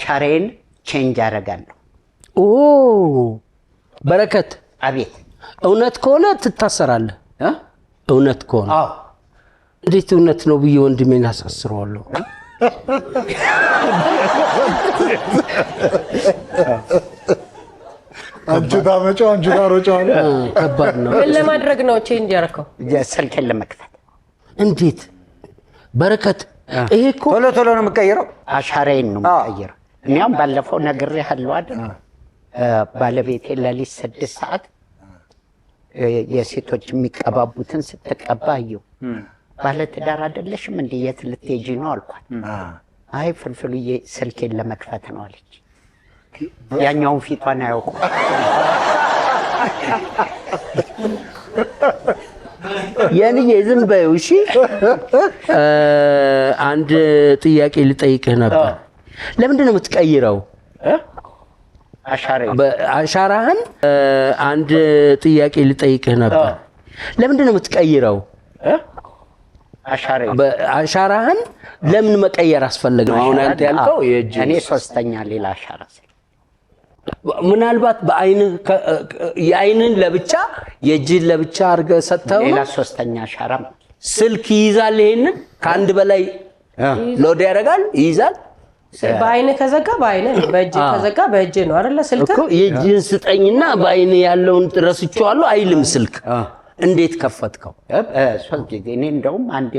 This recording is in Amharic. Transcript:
አሻራዬን ቼንጅ አደርጋለሁ። በረከት አቤት። እውነት ከሆነ ትታሰራለህ። እውነት ከሆነ እንዴት እውነት ነው ብዬ ወንድሜን አሳስረዋለሁ። አንቺ ታመጫው አንቺ ታሮጫው። ከባድ ነው። ምን ለማድረግ ነው ቼንጅ ያደረከው? ስልኬን ለመክፈት። እንዴት በረከት፣ ይሄ እኮ ቶሎ ቶሎ ነው የምቀይረው። አሻራዬን ነው የምቀይረው። እኒያውም ባለፈው ነግሬሃለሁ አይደል? ባለቤቴ ለሊት ስድስት ሰዓት የሴቶች የሚቀባቡትን ስትቀባ አየሁ። ባለትዳር አይደለሽም እንደ የት ልትሄጂ ነው አልኳት። አይ ፍልፍሉ ስልኬን ለመክፈት ነው አለች። ያኛውን ፊቷን አያውቁ የልጄ ዝም በይው እሺ። አንድ ጥያቄ ልጠይቅህ ነበር። ለምንድን ነው የምትቀይረው? አሻራህን አንድ ጥያቄ ልጠይቅህ ነበር። ለምንድን ነው የምትቀይረው? አሻራህን ለምን መቀየር አስፈለገ? አሁን አንተ ያልከው እኔ ሶስተኛ ሌላ አሻራ ምናልባት በአይንህ የአይንን ለብቻ የእጅን ለብቻ አድርገህ ሰጥተው ሌላ ሶስተኛ አሻራ ስልክ ይይዛል። ይሄንን ከአንድ በላይ ሎድ ያደርጋል፣ ይይዛል በአይን ከዘጋ በአይን ነው፣ በእጅ ከዘጋ በእጅ ነው አይደለ? ስልክ እኮ የእጅህን ስጠኝና በአይን ያለውን ረስቼዋለሁ አይልም ስልክ። እንዴት ከፈትከው? እኔ እንደውም አንዴ